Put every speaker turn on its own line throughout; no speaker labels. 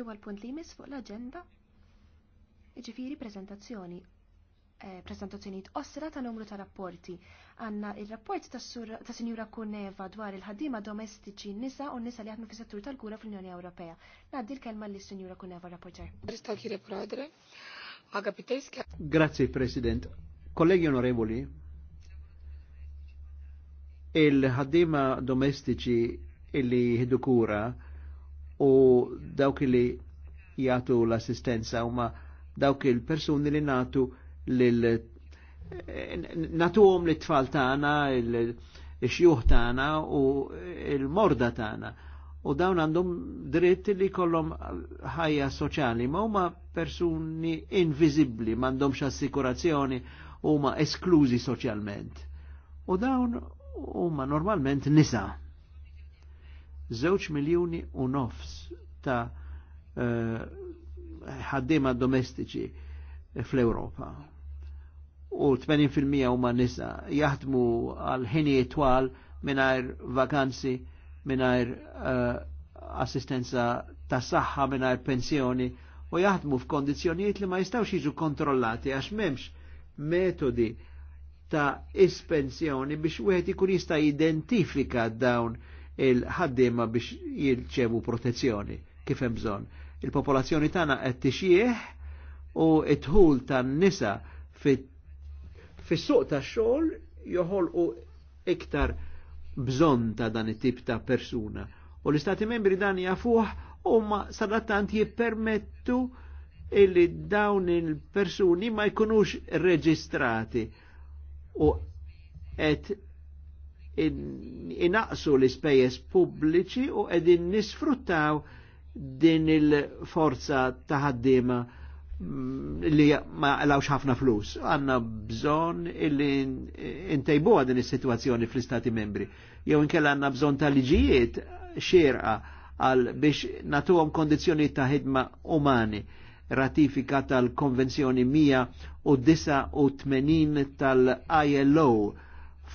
Naddu għal-punt li jmiss fuq l-agenda ġifiri prezentazzjoni. Eh, prezentazzjoniet ta' numru ta' rapporti. Għanna il-rapport ta', ta Sinjura Kuneva dwar il-ħaddima domestiċi nisa u nisa li jaħdmu fis settur tal-kura fl-Unjoni Ewropea. Naddi l-kelma li Sinjura Kuneva rapporter.
Grazie President. Kollegi onorevoli, il-ħaddima domestiċi illi ħidu kura u dawk li jagħtu l-assistenza huma dawk il-persuni li natu lil natuhom li tfal tagħna il-xjuħ tagħna u il-morda tagħna. U dawn għandhom dritt li kollhom ħajja soċjali, ma huma persuni invizibbli m'għandhomx assikurazzjoni, huma esklużi soċjalment. U dawn huma normalment nisa. Zewċ miljoni u nofs ta' eh, ħaddima domestiċi fl-Europa. U 80% huma nisa jaħdmu għal ħini twal mingħajr vakanzi, mingħajr eh, assistenza ta' saħħa mingħajr pensjoni u jaħdmu f'kondizzjonijiet li ma jistgħux jiġu kontrollati għax m'hemmx metodi ta' ispensjoni biex wieħed ikun jista' identifika dawn il-ħaddiema biex jirċevu protezzjoni kif hemm bżonn. Il-popolazzjoni tagħna qed tixjieħ u t ħul tan-nisa fis-suq tax-xogħol joħolqu iktar bżonn ta' dan it-tip ta' persuna. U l-Istati membri dan jafuh u ma sadattant jippermettu illi dawn il-persuni ma jkunux reġistrati u qed inaqsu l-ispejjeż pubbliċi u qegħdin nisfruttaw din il-forza ta' ħaddiema mm, li ma għalawx ħafna flus. Għanna bżon illi intejbuha din is-sitwazzjoni fl-Istati membri. Jew inkella għanna bżon ta' liġijiet xierqa għal biex natuhom kondizjoni ta' ħidma umani ratifika tal-Konvenzjoni 189 tal-ILO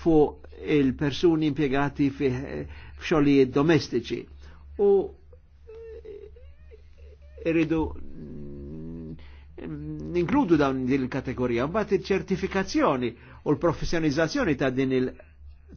fuq il-persuni impiegati fi xolijiet domestiċi. U irridu ninkludu dawn din il-kategorija, mbagħad iċ-ċertifikazzjoni u l-professjonizzazzjoni ta' din il-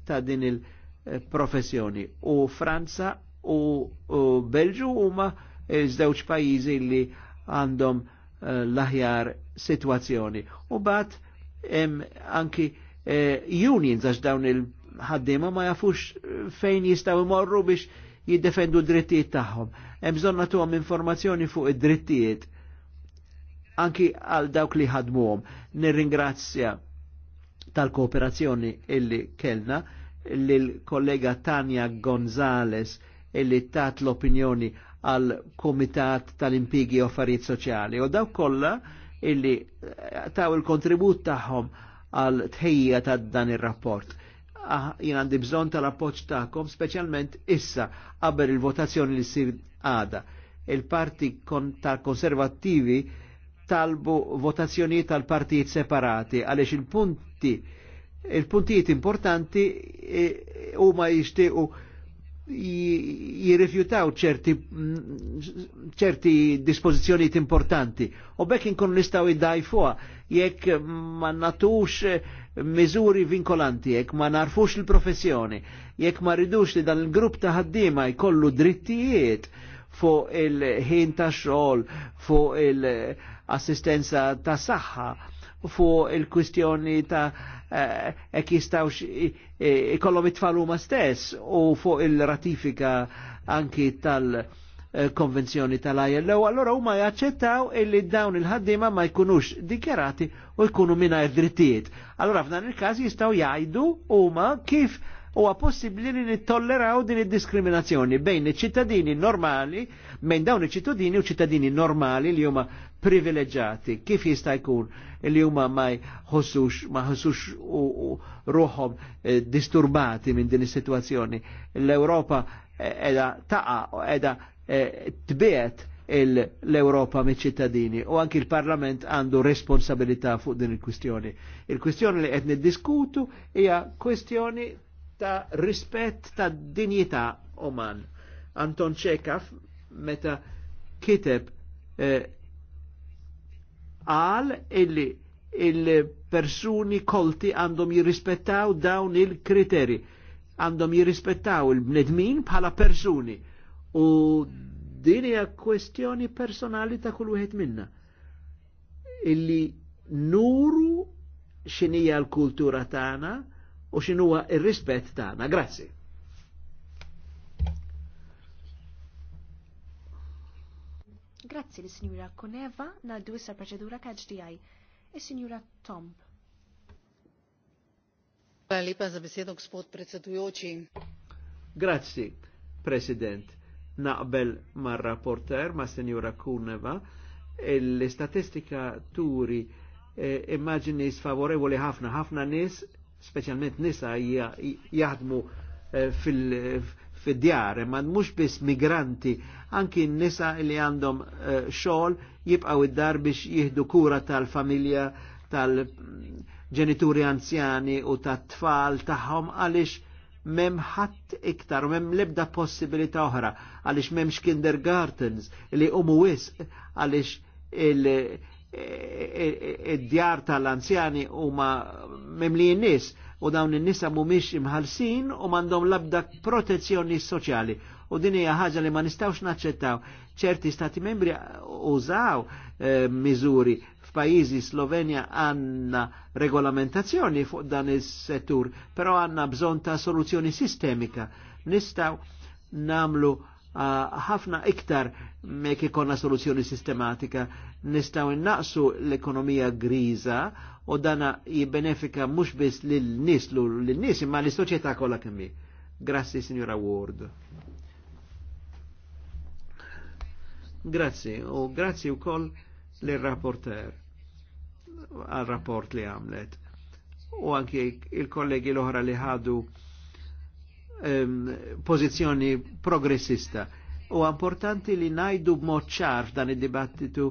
ta' din il-professjoni. U Franza u, u Belġu huma żewġ pajjiżi li għandhom uh, l-aħjar situazzjoni. U bat hemm anki uh, Eh, unions għax dawn il-ħaddima ma jafux eh, fejn jistaw imorru biex jiddefendu drittijiet tagħhom. Hemm bżonn nagħtuhom informazzjoni fuq id-drittijiet anki għal dawk li ħadmuhom. Nirringrazzja tal-kooperazzjoni illi kellna lil kollega Tanja Gonzales illi tat l-opinjoni għal Komitat tal-Impigi u Affarijiet Soċjali u daw kollha illi eh, taw il-kontribut tagħhom għal tħejja ta' dan ir-rapport. Ah, jien għandi bżonn tal-appoġġ tagħkom speċjalment issa qabel il-votazzjoni li ssir għada. Il-parti tal-konservattivi talbu votazzjoni tal-partijiet separati għaliex il-punti il-puntijiet importanti eh, huma jixtiequ jirrifjutaw ċerti, ċerti dispozizjoniet importanti. U bekk inkun nistaw id fuqa, jekk ma natux eh, miżuri vinkolanti, jekk ma narfux il-professjoni, jekk ma ridux li dan il-grupp ta' ħaddiema jkollu drittijiet fuq il-ħin ta' xogħol, fuq il-assistenza ta' saħħa fuq il-kwistjoni ta' eh, ek jistawx eh, ikollhom it tfalu ma' stess u fuq il-ratifika anki tal-konvenzjoni tal-ILO, allora huma jaċċettaw illi dawn il ħaddima ma jkunux dikjarati u jkunu mingħajr drittijiet. Allora f'dan il-każ jistgħu jgħidu huma kif huwa possibbli li nittolleraw din id-diskriminazzjoni bejn iċ-ċittadini normali, bejn dawn iċ-ċittadini u ċittadini normali li huma privileġġati. Kif jista' jkun li huma ma jħossux ma jħossux ruħhom eh, disturbati minn din is-sitwazzjoni. L-Ewropa eh, edha taqa' edha eh, tbiet l-Europa me ċittadini u anki l parlament għandu responsabilità fuq din il-kwistjoni. Il-kwistjoni li qed niddiskutu hija kwistjoni ta' rispett ta' dinjità oman. Anton Chekhov meta kiteb għal eh, illi il-persuni kolti għandhom jirrispettaw dawn il-kriteri, għandhom jirrispettaw il-bnedmin bħala persuni. U din hija kwestjoni personali ta' kull wieħed minna. Illi nuru xinija l-kultura tagħna, u xinuwa il-rispet tagħna. Grazzi.
Grazzi li sinjura Koneva naddu issa proċedura KHDI. Is-Sinjura Tomb. Hvala lepa za besedo, gospod predsedujoči.
Grazzi, President. Naqbel mar rapporter ma' Senjura Kuneva, l statistika turi eh, immaġini sfavorevoli ħafna, ħafna nis specialment nisa jaħdmu eh, fil-djar, ma mux biss migranti, anki nisa li għandhom eh, xol jibqaw id-dar biex jihdu kura tal-familja, tal-ġenituri anzjani u tat-tfal taħħom għalix mem ħadd iktar u mem lebda possibilità oħra għaliex memx kindergartens li umu wisq għaliex id-djar tal-anzjani ma memlijin nies u dawn in-nisa mhumiex imħalsin u m'għandhom labda protezzjoni soċjali. U din hija ħaġa li ma nistgħux naċċettaw. ċerti stati membri użaw eh, miżuri f'pajjiżi Slovenja għandna regolamentazzjoni fuq dan is-settur, però għandna bżonn ta' soluzzjoni sistemika. Nistgħu namlu eh, ħafna iktar mek ikonna soluzzjoni sistematika nistaw innaqsu l-ekonomija griża u dana jibbenefika mhux biss lil nis l nies imma l-istoċjetà kolla kemmi. Grazzi Signora Ward. Grazzi u grazzi wkoll l rapporter għal-rapport li għamlet u anki il-kollegi l ohra li ħadu pozizjoni progressista. U importanti li najdu b'mod ċar f'dan id-dibattitu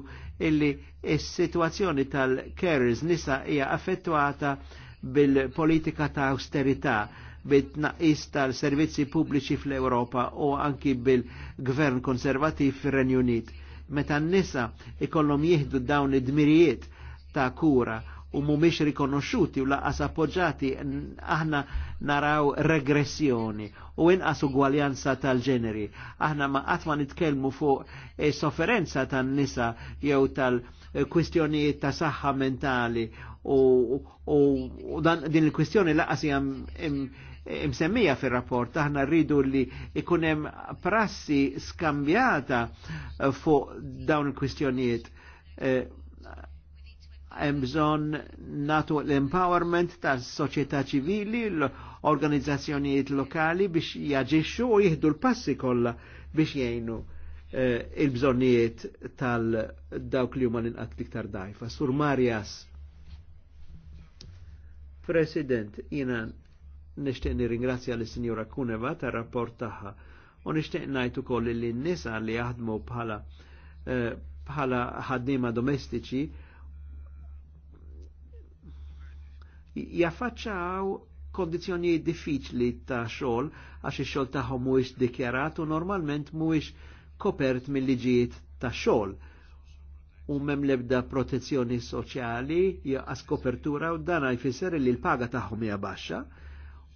illi s sitwazzjoni tal keres nisa hija affettwata bil-politika ta' austerità bit-naqis tal-servizzi pubbliċi fl-Europa u anki bil-gvern konservativ fir-Renju Unit. Meta n-nisa ikollhom jieħdu dawn id-dmirijiet ta' kura u mumiex rikonosciuti u laqas appoġġati aħna naraw regressjoni u inqas ugwaljanza tal-ġeneri. Aħna ma qatt ma nitkellmu fuq e, sofferenza tan-nisa jew tal-kwistjonijiet ta' saħħa mentali u, u, u dan, din il-kwistjoni laqas hija im, imsemmija fil-rapport, aħna rridu li ikunem prassi skambjata fuq dawn il-kwistjonijiet. Eh, hemm bżonn natu l-empowerment tas soċjetà ċivili, l-organizzazzjonijiet lokali biex jaġixxu u jieħdu l-passi kollha biex jgħinu eh, il-bżonnijiet tal-dawk li huma l-inqat liktar dajfa. Sur Marjas. President, jina nishtiq nirringrazzja l sinjura Kuneva tar rapport tagħha u nishtiq ngħid ukoll li n-nisa li jaħdmu bħala eh, bħala ħaddiema domestiċi jaffaċċaw kondizjoni diffiċli ta' xogħol għax ix-xogħol tagħhom mhuwiex dikjarat u normalment mhuwiex kopert mill-liġijiet ta' xogħol. U mem lebda protezzjoni soċjali jaqas kopertura u dan jfisser li l-paga tagħhom hija baxxa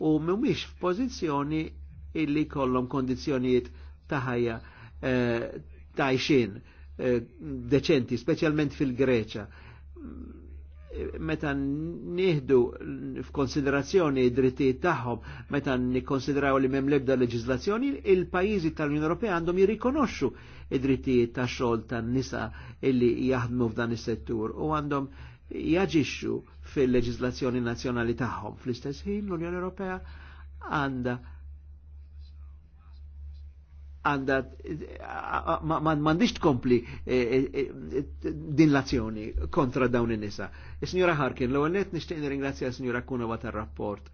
u mhumiex f'pożizzjoni illi kollhom kondizzjonijiet ta' ħajja eh, ta' tajxin eh, deċenti, speċjalment fil-Greċa meta nieħdu f'konsiderazzjoni id-drittijiet tagħhom, meta nikkonsidraw li m'hemm l-ebda leġiżlazzjoni, il-pajjiżi tal-Unjoni Ewropea għandhom jirrikonoxxu id-drittijiet tax-xogħol tan-nisa illi jaħdmu f'dan is-settur u għandhom jaġixxu fil-leġiżlazzjoni nazzjonali tagħhom. Fl-istess ħin l-Unjoni Ewropea għandha għanda mandiġ tkompli eh, eh, eh, din l-azzjoni kontra dawn in-nisa. E, is Harkin, l net nixtieq ringrazzja s-Sinjora Kunova tar-rapport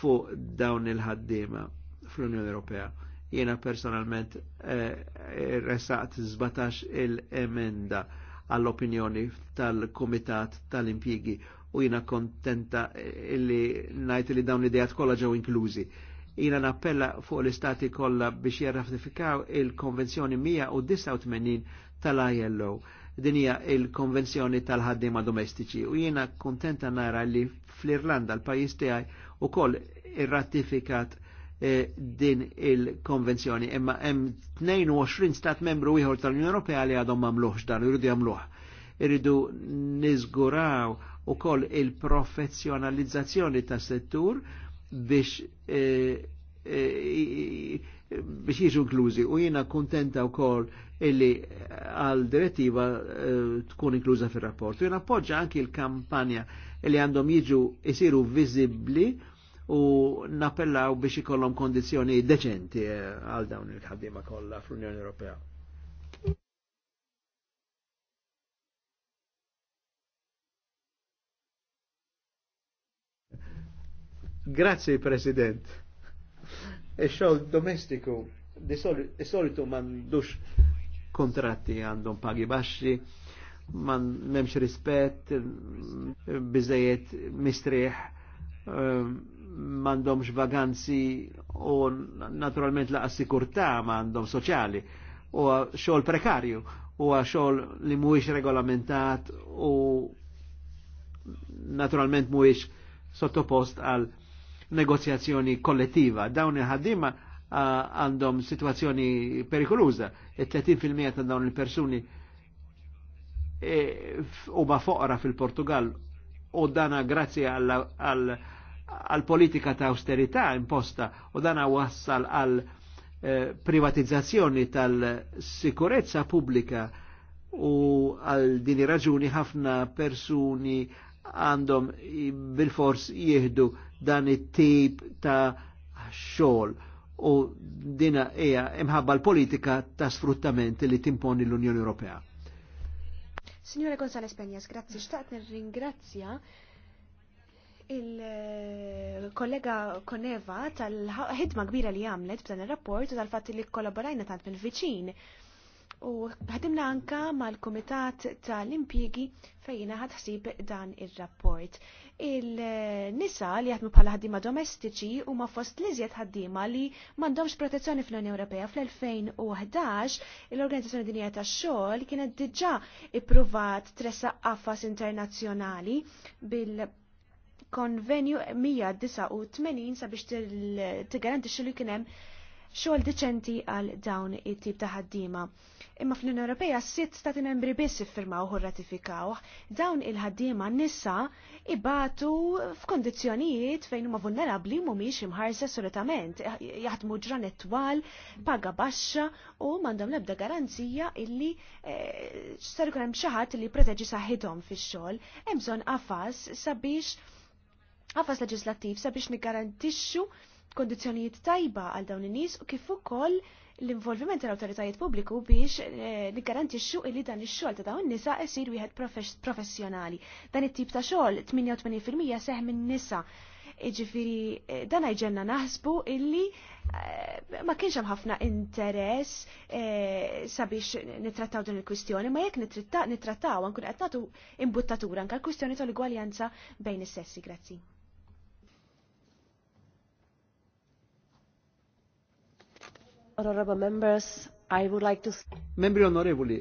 fuq dawn il-ħaddiema fl-Unjoni Ewropea. Jiena personalment resaqt 17 il-emenda għall-opinjoni tal-Komitat tal-Impjigi u jiena kontenta illi najt li dawn l-idejat kollha ġew inklużi jina nappella fuq l-istati kollha biex jirratifikaw il-konvenzjoni 189 tal-ILO. Din hija il-konvenzjoni tal ħaddima domestiċi u jiena kontenta nara li fl-Irlanda l-pajjiż tiegħi ukoll irratifikat eh, din il-konvenzjoni imma hemm 22 stat membru Iħor tal-Unjoni Ewropea li għadhom mamluħx dan jridu jagħmluh. Irridu niżguraw ukoll il-professjonalizzazzjoni tas-settur biex eh, eh, biex jiġu inklużi u jiena kontenta wkoll illi għal direttiva eh, tkun inkluża fir-rapport. Jiena appoġġa anki l-kampanja li għandhom jiġu jsiru viżibbli u napellaw biex ikollhom kondizzjoni deċenti għal dawn il-ħaddiema kollha fl-Unjoni Ewropea. Grazie, President. Ix-xogħol e domestiku is-solitu m'għandux kontratti għandhom pagi baxxi, man memx rispett, biżejjed mistrieħ, m'għandhomx ehm, vaganzi u naturalment laqa sikurtà m'għandhom soċjali u xogħol prekarju u xogħol li mhuwiex regolamentat u naturalment mhuwiex sottopost għal negozjazzjoni kollettiva. Dawn il-ħaddima għandhom situazzjoni perikoluza. Il-30% ta' dawn il-persuni e, u ma foqra fil-Portugal u dana grazzi għal politika ta' austerità imposta u dana wassal għal e, privatizzazzjoni tal-sikurezza pubblika u għal dini raġuni ħafna persuni għandhom bil-fors jihdu dan it-tip ta' xogħol u dina hija imħabba l-politika ta' sfruttament li timponi l-Unjoni Ewropea.
Signore Gonzales Penjas, grazzi, xtaqt nirringrazzja il-kollega Koneva tal-ħidma kbira li għamlet b'dan ir rapport u tal-fatt li kollaborajna tant mill-viċin u ħadimna anka mal-Kumitat tal-Impjigi fejna ħadħsib dan ir-rapport. Il-nisa li jaħdmu bħala ħaddiema domestiċi u ma fost li zjed ħaddiema li m'għandhomx protezzjoni fl-Unjoni Ewropea fl-2011 l-Organizzazzjoni Dinija tax-Xogħol kienet diġà ippruvat tressaq Affas internazzjonali bil konvenju 189 sabiex tigarantixxu li kien hemm xogħol diċenti għal dawn it-tip ta' ħaddiema. Imma fl-Unjoni Ewropea sitt stati membri biss iffirmaw u ratifikawh, dawn il-ħaddiema nisa ibatu f'kondizzjonijiet fejn huma vulnerabbli mhumiex imħarsa assolutament, jaħdmu ġranet twal, paga baxxa u m'għandhom l-ebda garanzija illi eh, sar ikun hemm xi ħadd li jipproteġi saħħithom fix-xogħol, hemm bżonn qafas sabiex qafas leġislattiv sabiex niggarantixxu kondizjonijiet tajba għal dawn in-nies u kif ukoll l-involviment tal-awtoritajiet pubbliku biex eh, niggarantixxu li dan ix-xogħol ta' dawn nisa isir wieħed professjonali. Dan it-tip ta' xogħol 88% seħ minn nisa. Iġifiri, eh, dan għajġenna naħsbu illi eh, ma kienx hemm ħafna interess sabiex nittrattaw din il-kwistjoni, ma jekk nittrattaw ankun qed nagħtu imbuttatura anke l-kwistjoni tal-igwaljanza bejn is-sessi. Grazzi.
Membri onorevoli,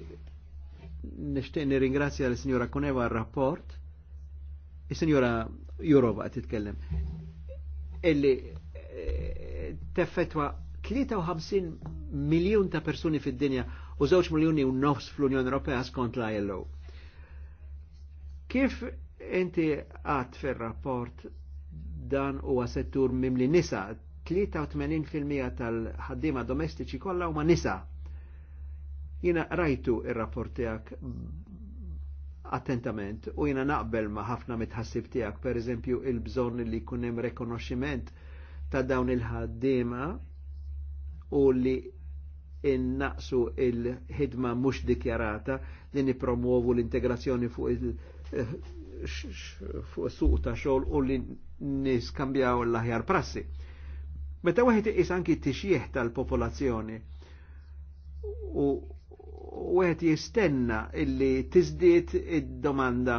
nishtiq nirringrazzja l signora Kuneva rapport il-Signora e Jurova titkellem, illi eh, teffetwa 53 miljon ta' persuni fid-dinja u 2 miljoni u nofs fl-Unjoni Ewropea skont la ILO. Kif inti għat fil-rapport dan u għasettur mimli nisa 83% tal-ħaddima domestiċi kollha huma nisa. Jina rajtu ir-rapport tiegħek attentament u jina naqbel ma ħafna mitħassib tiegħek, pereżempju il-bżonn li jkun hemm rekonoxximent ta' dawn il-ħaddiema u li innaqsu il-ħidma mhux dikjarata li nipromuovu l-integrazzjoni fuq il- eh, fuq suq ta' xogħol u li niskambjaw l-aħjar prassi Meta wieħed iqis anki t-tixjieħ tal-popolazzjoni u wieħed jistenna illi tiżdied id-domanda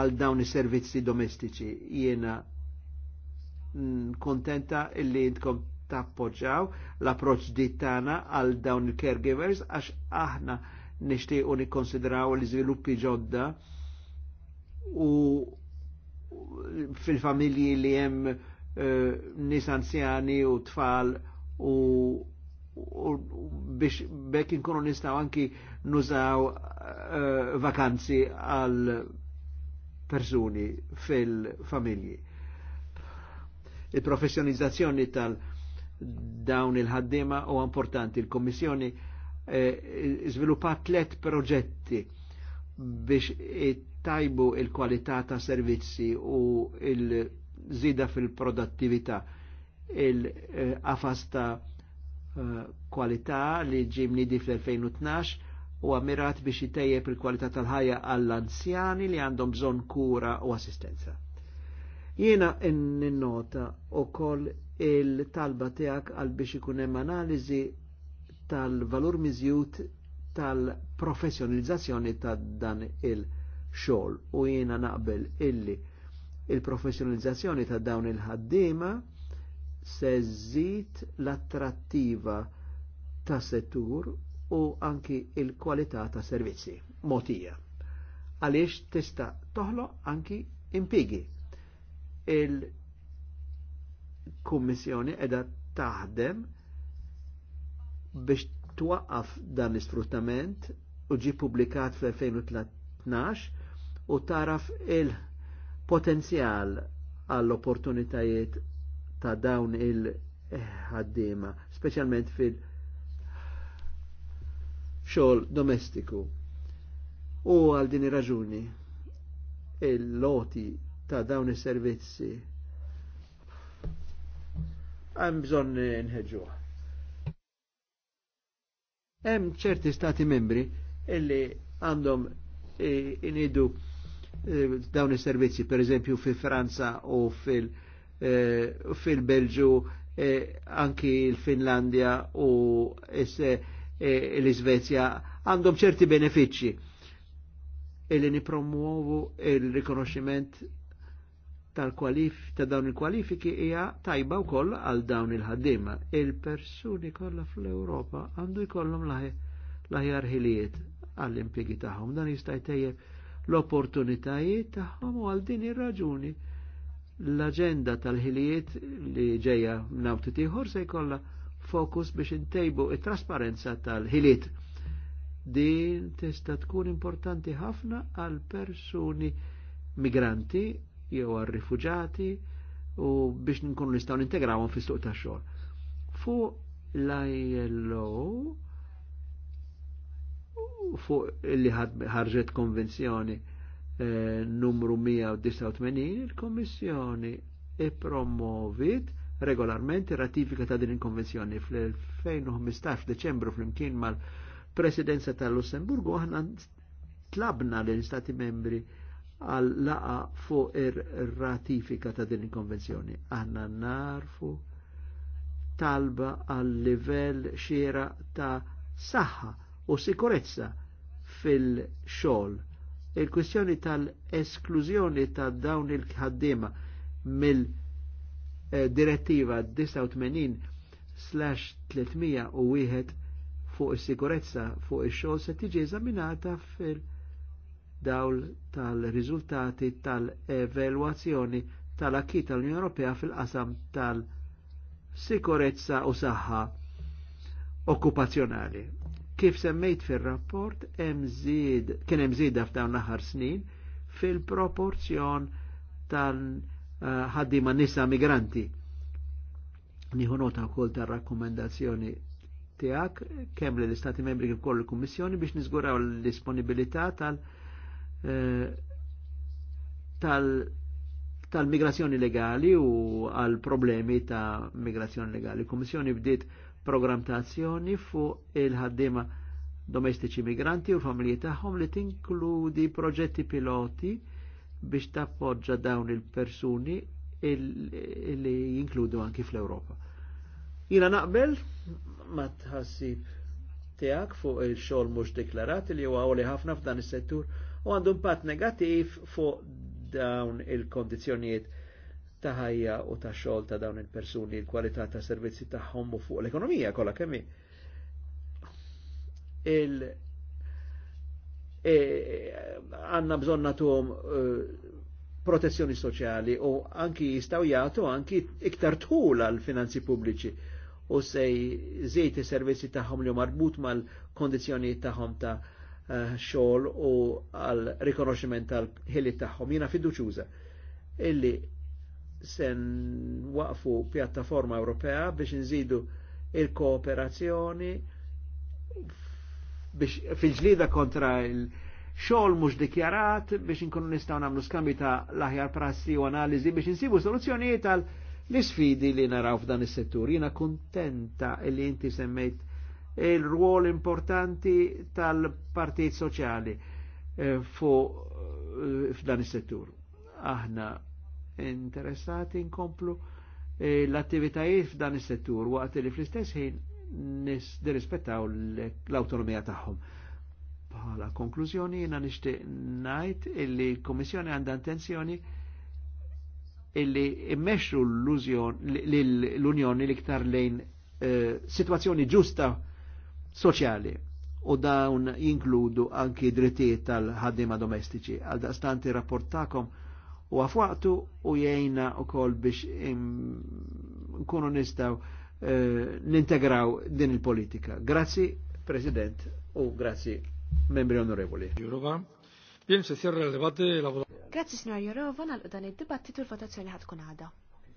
għal dawn is-servizzi domestiċi. Jiena kontenta illi intkom tappoġġaw l-approċ dittana għal dawn il-caregivers għax aħna u nikkonsidraw l-iżviluppi ġodda u fil-familji li hemm Eh, nis anzjani u tfal u, biex bekk inkunu nistaw anki nużaw eh, vakanzi għal persuni fil-familji. Il-professjonizzazzjoni tal dawn il-ħaddima u importanti il-Kommissjoni eh, sviluppat tlet proġetti biex tajbu il-kwalità ta' servizzi u il- zida fil-produttività il-qafas ta' eh, kwalità li ġi mnidi fl-2012 u għamirat biex jitejjeb il-kwalità tal-ħajja għall-anzjani li għandhom bżon kura u assistenza. Jiena n-nota u koll il-talba tijak għal biex ikunem analizi tal-valur mizjut tal-professionalizzazzjoni ta' dan il-xol u jiena naqbel illi Il-professjonalizzazzjoni ta' dawn il-ħaddiema se żid l-attrattiva ta' settur u anki il-kwalità ta' servizzi motija. Għaliex tista' toħloq anki impigi. Il-Kummissjoni edha taħdem biex twaqqaf dan l-isfruttament u ġi publikat fl-2013 u taraf il- potenzjal għall-opportunitajiet ta' dawn il-ħaddima, specialment fil- xogħol domestiku. U għal din raġuni il-loti ta' dawn is-servizzi hemm bżonn nħedġu. Hemm ċerti stati membri illi għandhom inidu e, Eh, dawn is-servizzi, per eżempju fi Franza u fil- eh, belġu eh, anki l finlandja u l-Izvezja għandhom ċerti benefiċċji illi nipromuovu il-rikonoxximent tal-kwalif ta' dawn il-kwalifiki hija tajba wkoll għal dawn il-ħaddiema. Il-persuni kollha fl-Ewropa għandu jkollhom l-aħjar ħiliet għall-impjegi tagħhom. Dan jista' jtejjeb l-opportunitajiet tagħhom u għal din ir-raġuni l-aġenda tal-ħiliet li ġejja mnawti tieħor se jkollha fokus biex intejbu it-trasparenza tal-ħiliet. Din tista' tkun importanti ħafna għal persuni migranti jew għal rifuġati u biex nkunu nistgħu nintegrawhom fis-suq tax-xogħol. Fuq l-ILO fuq li ħarġet konvenzjoni eh, numru 189, il-Kommissjoni ipromovit regolarment ratifika ta' din il-konvenzjoni fl-2015 Deċembru fl-imkien mal-Presidenza tal-Lussemburgu aħna tlabna l-Istati membri għal laqa fuq ir-ratifika ta' din il-konvenzjoni. Aħna narfu talba għal livell xiera ta' saħħa u sikurezza fil-xogħol. Il-kwistjoni tal-esklużjoni ta' dawn il ħaddima mill-direttiva 89 slax-300 u wieħed fuq is-sikurezza fuq ix-xogħol se tiġi eżaminata fil- dawl tal-riżultati tal-evalwazzjoni tal-akki tal-Unjoni Ewropea fil-qasam tal-sikurezza u saħħa okkupazzjonali. Kif semmejt fil-rapport, kien hemm żieda f'dawn l-aħħar snin fil-proporzjon tal-ħaddima nisa migranti. Nieħu nota wkoll tar-rakkomendazzjoni tiegħek kemm lill istati membri kif ukoll il-Kummissjoni biex niżguraw l-disponibilità tal- eh, tal-migrazzjoni legali u għal problemi ta' migrazzjoni legali. Il-Kummissjoni bdiet program ta' azzjoni fuq il-ħaddima domestiċi migranti u familji tagħhom li tinkludi proġetti piloti biex tappoġġa dawn il-persuni li jinkludu anki fl-Ewropa. Jina naqbel ma tħassib tiegħek fuq il-xogħol mhux deklarat li huwa għoli ħafna f'dan is-settur u għandu impatt negattiv fuq dawn il-kondizzjonijiet ta' ħajja u ta' xogħol ta' dawn il-persuni, il-kwalità ta' servizzi tagħhom u fuq l-ekonomija kollha kemm il e, għanna bżonn nagħtuhom e, protezzjoni soċjali u anki jistaw jagħtu anki iktar tħul għal finanzi pubbliċi u sej is servizzi tagħhom li marbut mal kondizzjonijiet tagħhom ta' e, xogħol u għal rikonoxximent tal-ħiliet tagħhom. Jiena fiduċjuża illi sen waqfu pjattaforma Ewropea biex nżidu il-kooperazzjoni biex fil-ġlida kontra il-xol mux dikjarat biex nkunu nistaw namlu skambi ta' laħjar prassi u analizi biex nsibu soluzzjonijiet tal l-sfidi li naraw f'dan is-settur. Jina kontenta li inti semmejt il-ruol importanti tal-partijiet soċjali eh, fu eh, f'dan is-settur. Aħna interessati nkomplu eh, l-attivitajiet f'dan is-settur waqt li fl-istess ħin nirrispettaw l-autonomija tagħhom. Bħala konklużjoni jiena nixtieq ngħid illi l-Kummissjoni għandha intenzjoni illi immexxu l-Unjoni l-iktar lejn eh, situazzjoni ġusta soċjali u dawn jinkludu anki drittijiet tal ħaddiema domestiċi. Għal daqstanti rapportakom u għafuqtu u jgħina u kol biex nkunu nistaw eh, nintegraw din il-politika. Grazzi, President, u grazzi, membri onorevoli. Jurova, Bien, se cierra il
signor Jorova, nal-dan il-dibattitu l-votazzjoni ħatkun għada.